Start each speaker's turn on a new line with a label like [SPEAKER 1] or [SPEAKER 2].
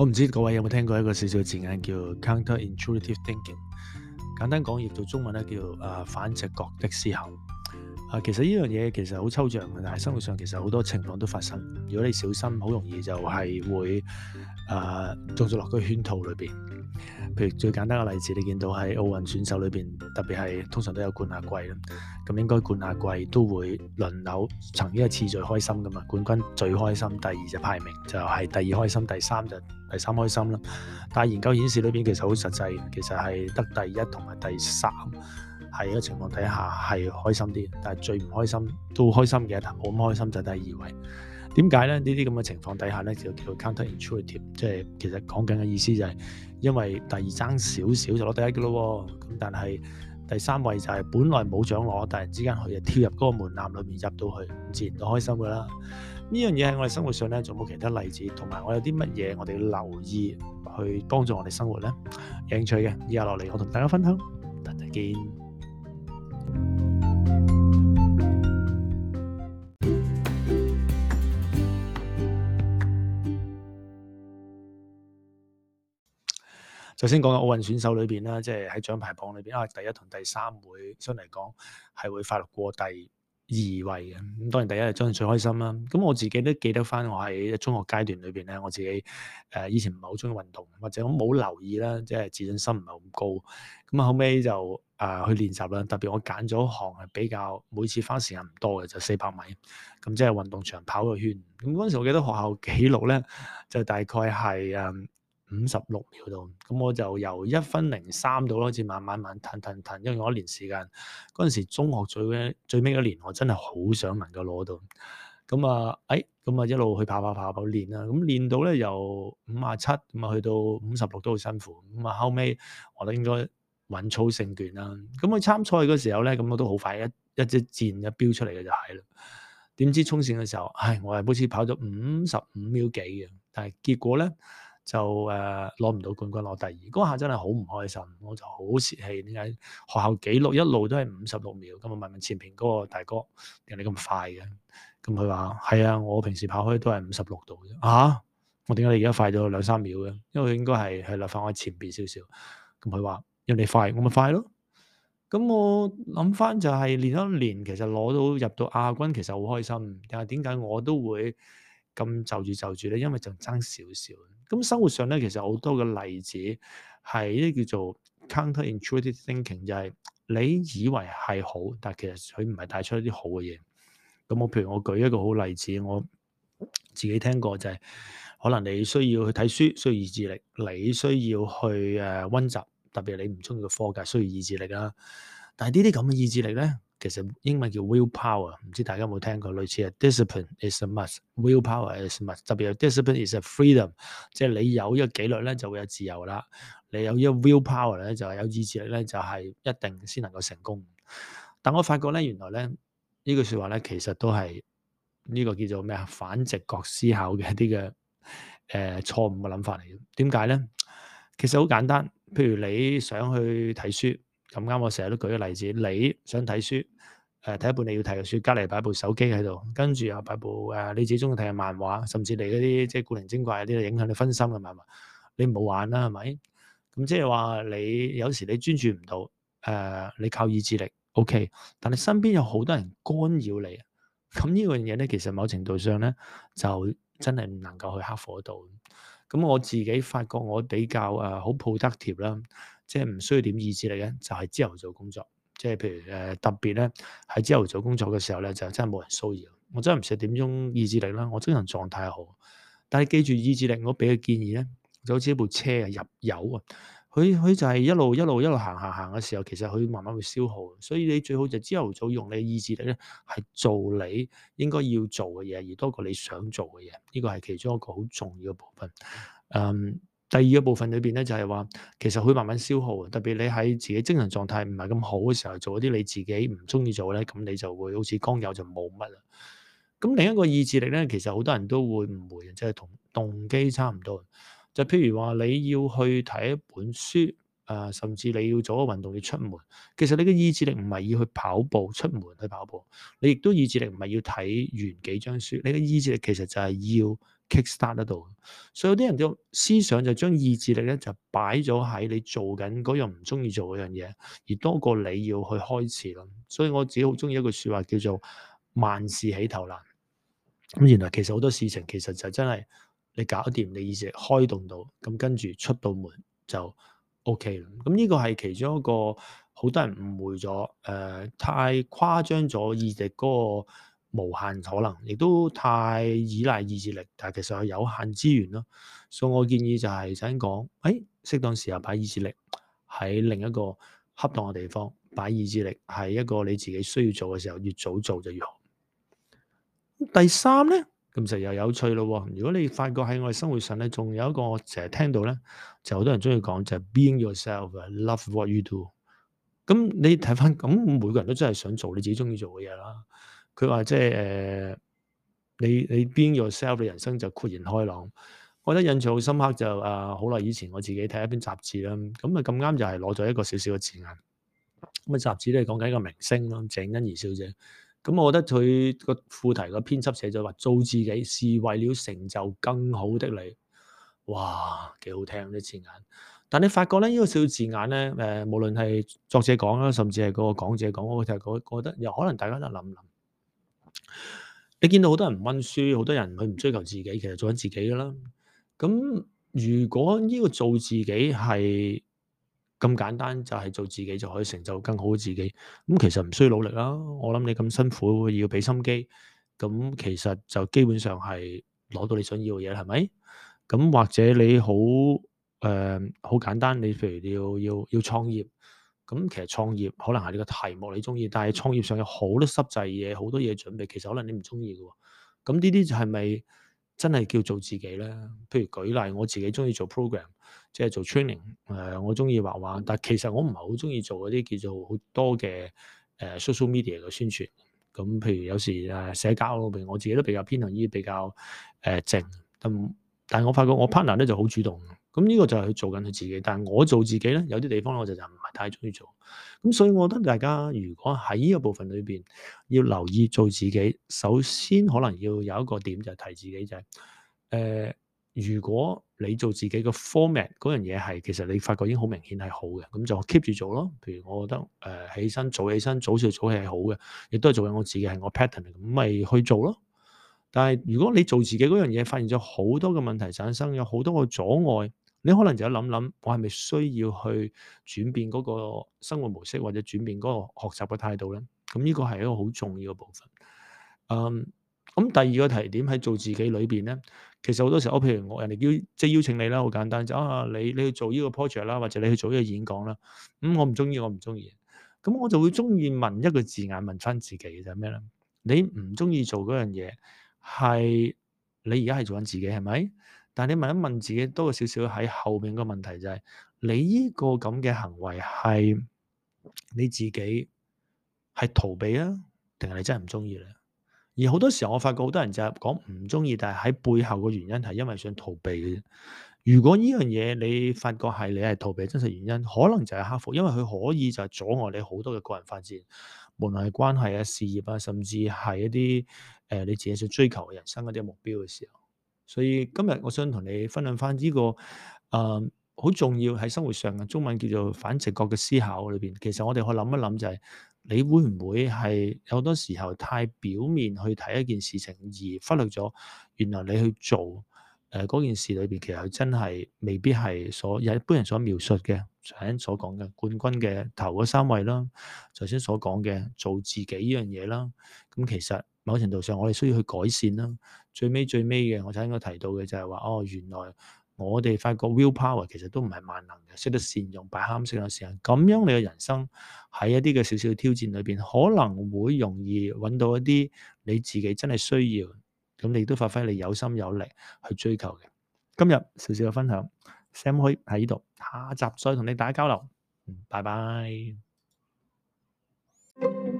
[SPEAKER 1] 我唔知各位有冇聽過一個小小字眼叫 counter-intuitive thinking，簡單講，譯做中文咧叫啊、呃、反直覺的思考。啊、呃，其實呢樣嘢其實好抽象嘅，但係生活上其實好多情況都發生。如果你小心，好容易就係會啊、呃，中咗落個圈套裏邊。譬如最簡單嘅例子，你見到喺奧運選手裏邊，特別係通常都有冠亞季咯，咁應該冠亞季都會輪流曾一個次序最開心㗎嘛，冠軍最開心，第二就排名就係第二開心，第三就第三開心啦。但係研究顯示裏邊其實好實際，其實係得第一同埋第三係一個情況底下係開心啲，但係最唔開心都開心嘅，但係冇咁開心就係第二位。點解咧？呢啲咁嘅情況底下咧，就叫 counter intuitive，即係其實講緊嘅意思就係因為第二爭少少就攞第一嘅咯。咁但係第三位就係本來冇獎攞，突然之間佢就跳入嗰個門檻裏面入到去，自然都開心㗎啦。呢樣嘢喺我哋生活上咧，仲有冇其他例子？同埋我有啲乜嘢我哋要留意去幫助我哋生活咧？有興趣嘅，以下落嚟我同大家分享。大家見。首先講嘅奧運選手裏邊啦，即係喺獎牌榜裏邊啊，第一同第三會相嚟講係會快樂過第二位嘅。咁當然第一係最最開心啦。咁我自己都記得返，我喺中學階段裏邊咧，我自己誒、呃、以前唔係好中意運動，或者我冇留意啦，即係自信心唔係咁高。咁後尾就誒、呃、去練習啦，特別我揀咗行係比較每次花時間唔多嘅，就四百米咁，即係運動場跑個圈。咁嗰陣時，我記得學校紀錄咧就大概係誒。呃五十六秒度，咁我就由一分零三度開始，慢慢慢騰騰騰，因為我一年時間。嗰陣時中學最尾最尾一年，我真係好想能夠攞到。咁啊，哎，咁啊一路去跑跑跑，跑，跑練啦。咁練到咧，由五啊七咁啊，去到五十六都好辛苦。咁啊，後尾我覺得應該穩操勝券啦。咁去參賽嘅時候咧，咁我都好快一一支箭一飆出嚟嘅就係啦。點知衝線嘅時候，唉、哎，我係好似跑咗五十五秒幾嘅，但係結果咧～就誒攞唔到冠軍攞第二嗰下、那個、真係好唔開心，我就好泄氣。點解？學校紀錄一路都係五十六秒？咁我問問前邊嗰個大哥，點解你咁快嘅？咁佢話：係、哎、啊，我平時跑開都係五十六度啫。嚇、啊！我點解你而家快咗兩三秒嘅？因為佢應該係係立翻我前邊少少。咁佢話：因為你快，我咪快咯。咁我諗翻就係、是、練一年，其實攞到入到亞軍，其實好開心。但係點解我都會？咁就住就住咧，因為仲爭少少。咁生活上咧，其實好多嘅例子係一啲叫做 counter-intuitive thinking，就係你以為係好，但其實佢唔係帶出一啲好嘅嘢。咁我譬如我舉一個好例子，我自己聽過就係，可能你需要去睇書，需要意志力；你需要去誒温習，特別你唔中意嘅科目，需要意志力啦。但係呢啲咁嘅意志力咧～其實英文叫 willpower，唔知大家有冇聽過？類似係 discipline is a must，willpower is a must。特別係 discipline is a freedom，即係你有一個紀律，呢個紀律咧，就會有自由啦。你有一個 will power 呢個 willpower 咧，就係有意志力咧，就係、是、一定先能夠成功。但我發覺咧，原來咧呢句說話咧，其實都係呢個叫做咩啊反直覺思考嘅一啲嘅誒錯誤嘅諗法嚟。點解咧？其實好簡單，譬如你想去睇書。咁啱，我成日都舉個例子，你想睇書，誒、呃、睇一本你要睇嘅書，隔離擺部手機喺度，跟住又擺部誒、呃、你自己中意睇嘅漫畫，甚至你嗰啲即係古靈精怪嗰啲影響你分心嘅漫畫，你唔好玩啦，係咪？咁即係話你有時你專注唔到，誒、呃、你靠意志力，OK，但係身邊有好多人干擾你，咁呢樣嘢咧，其實某程度上咧就真係唔能夠去克服到。咁我自己發覺我比較誒好 productive 啦。即係唔需要點意志力咧，就係朝頭早工作。即係譬如誒、呃，特別咧喺朝頭早工作嘅時候咧，就真係冇人騷擾。我真係唔使點用意志力啦，我精神狀態好。但係記住意志力，我俾嘅建議咧，就好似一部車啊入油啊，佢佢就係一路一路一路行行行嘅時候，其實佢慢慢會消耗。所以你最好就朝頭早用你意志力咧，係做你應該要做嘅嘢，而多過你想做嘅嘢。呢個係其中一個好重要嘅部分。嗯。第二個部分裏邊咧，就係話其實會慢慢消耗。特別你喺自己精神狀態唔係咁好嘅時候，做一啲你自己唔中意做咧，咁你就會好似剛有就冇乜啦。咁另一個意志力咧，其實好多人都會誤會，即係同動機差唔多。就譬如話你要去睇一本書，誒、啊，甚至你要做一運動要出門，其實你嘅意志力唔係要去跑步，出門去跑步，你亦都意志力唔係要睇完幾張書。你嘅意志力其實就係要。Kick start 得到，所以有啲人嘅思想就將意志力咧就擺咗喺你做緊嗰樣唔中意做嗰樣嘢，而多過你要去開始咯。所以我自己好中意一句説話叫做萬事起頭難。咁、嗯、原來其實好多事情其實就真係你搞掂，你意志力開動到，咁、嗯、跟住出到門就 OK 啦。咁呢個係其中一個好多人誤會咗，誒、呃、太誇張咗意志力嗰、嗰個。無限可能，亦都太依賴意志力，但係其實係有限資源咯。所以我建議就係想講，誒、哎、適當時候擺意志力喺另一個恰當嘅地方，擺意志力喺一個你自己需要做嘅時候，越早做就越好。第三咧，咁就又有趣咯。如果你發覺喺我哋生活上咧，仲有一個我成日聽到咧，就好多人中意講就係 Being yourself, love what you do。咁你睇翻，咁每個人都真係想做你自己中意做嘅嘢啦。佢話：即係誒、呃，你你 be yourself 嘅人生就豁然開朗。我覺得印象好深刻，就啊，好、呃、耐以前我自己睇一篇雜誌啦。咁啊咁啱就係攞咗一個小小嘅字眼。咁、那、啊、個、雜誌咧講緊一個明星咯，鄭欣宜小姐。咁我覺得佢個副題個編輯寫咗話：做自己是為了成就更好的你。哇，幾好聽啲字眼。但你發覺咧，呢、這個小字眼咧誒、呃，無論係作者講啦，甚至係個講者講，我其實覺得，覺得又可能大家都諗唔諗。你見到好多人唔溫書，好多人佢唔追求自己，其實做緊自己㗎啦。咁如果呢個做自己係咁簡單，就係、是、做自己就可以成就更好嘅自己，咁其實唔需要努力啦。我諗你咁辛苦要俾心機，咁其實就基本上係攞到你想要嘅嘢，係咪？咁或者你好誒、好、呃、簡單，你譬如你要要要創業。咁其實創業可能係呢個題目你中意，但係創業上有好多濕滯嘢，好多嘢準備，其實可能你唔中意嘅喎。咁呢啲就係咪真係叫做自己咧？譬如舉例，我自己中意做 program，即係做 training、呃，誒，我中意畫畫，但係其實我唔係好中意做嗰啲叫做好多嘅誒 social media 嘅宣傳。咁譬如有時誒社交，譬如我自己都比較偏向於比較誒靜。咁、呃，但我發覺我 partner 咧就好主動。咁呢個就係去做緊佢自己，但係我做自己咧，有啲地方我就就唔係太中意做。咁、嗯、所以，我覺得大家如果喺呢個部分裏邊要留意做自己，首先可能要有一個點就係提自己就係、是，誒、呃，如果你做自己嘅 format 嗰樣嘢係，其實你發覺已經明顯好明顯係好嘅，咁就 keep 住做咯。譬如我覺得誒、呃、起身早起身早睡早起係好嘅，亦都係做緊我自己係我 pattern 嚟咁咪去做咯。但係如果你做自己嗰樣嘢，發現咗好多嘅問題產生，有好多個阻礙。你可能就要諗諗，我係咪需要去轉變嗰個生活模式，或者轉變嗰個學習嘅態度咧？咁呢個係一個好重要嘅部分。嗯，咁、嗯、第二個提點喺做自己裏邊咧，其實好多時候，譬如我人哋邀，即係邀請你啦，好簡單就是、啊，你你去做呢個 project 啦，或者你去做呢個演講啦。咁我唔中意，我唔中意。咁我，我就會中意問一個字眼，問翻自己就係咩咧？你唔中意做嗰樣嘢，係你而家係做緊自己係咪？是但你問一問自己多個少少喺後面個問題就係、是，你呢個咁嘅行為係你自己係逃避啊，定係你真係唔中意咧？而好多時候我發覺好多人就係講唔中意，但係喺背後個原因係因為想逃避嘅啫。如果呢樣嘢你發覺係你係逃避真實原因，可能就係克服，因為佢可以就係阻礙你好多嘅個人發展，無論係關係啊、事業啊，甚至係一啲誒、呃、你自己想追求嘅人生嗰啲目標嘅時候。所以今日我想同你分享翻呢、這個誒好、呃、重要喺生活上嘅中文叫做反直覺嘅思考裏邊，其實我哋可以諗一諗就係、是、你會唔會係好多時候太表面去睇一件事情，而忽略咗原來你去做誒嗰、呃、件事裏邊，其實真係未必係所有一般人所描述嘅，頭先所講嘅冠軍嘅頭嗰三位啦，頭先所講嘅做自己呢樣嘢啦，咁其實。某程度上，我哋需要去改善啦。最尾最尾嘅，我就應該提到嘅就係話，哦，原來我哋發覺 will power 其實都唔係萬能嘅，識得善用，擺啱適嘅時間，咁樣你嘅人生喺一啲嘅少少挑戰裏邊，可能會容易揾到一啲你自己真係需要，咁你都發揮你有心有力去追求嘅。今日少少嘅分享，Sam 可喺呢度，下集再同你大家交流。拜拜。